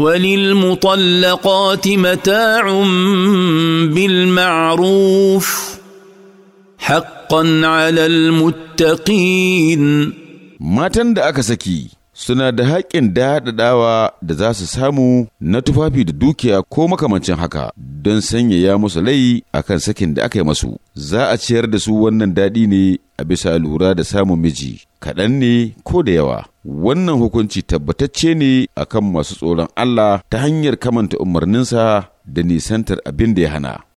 وللمطلقات متاع بالمعروف حقا على المتقين matan da aka saki suna da haƙƙin daɗaɗawa da za su samu na tufafi da dukiya ko makamancin haka don sanyaya musu lai a kan sakin da aka yi masu, za a ciyar da su wannan daɗi ne a bisa lura da samun miji, kaɗan ne ko da yawa. Wannan hukunci tabbatacce ne a kan masu tsoron Allah ta hanyar kamanta umarninsa da nisantar abin da ya hana.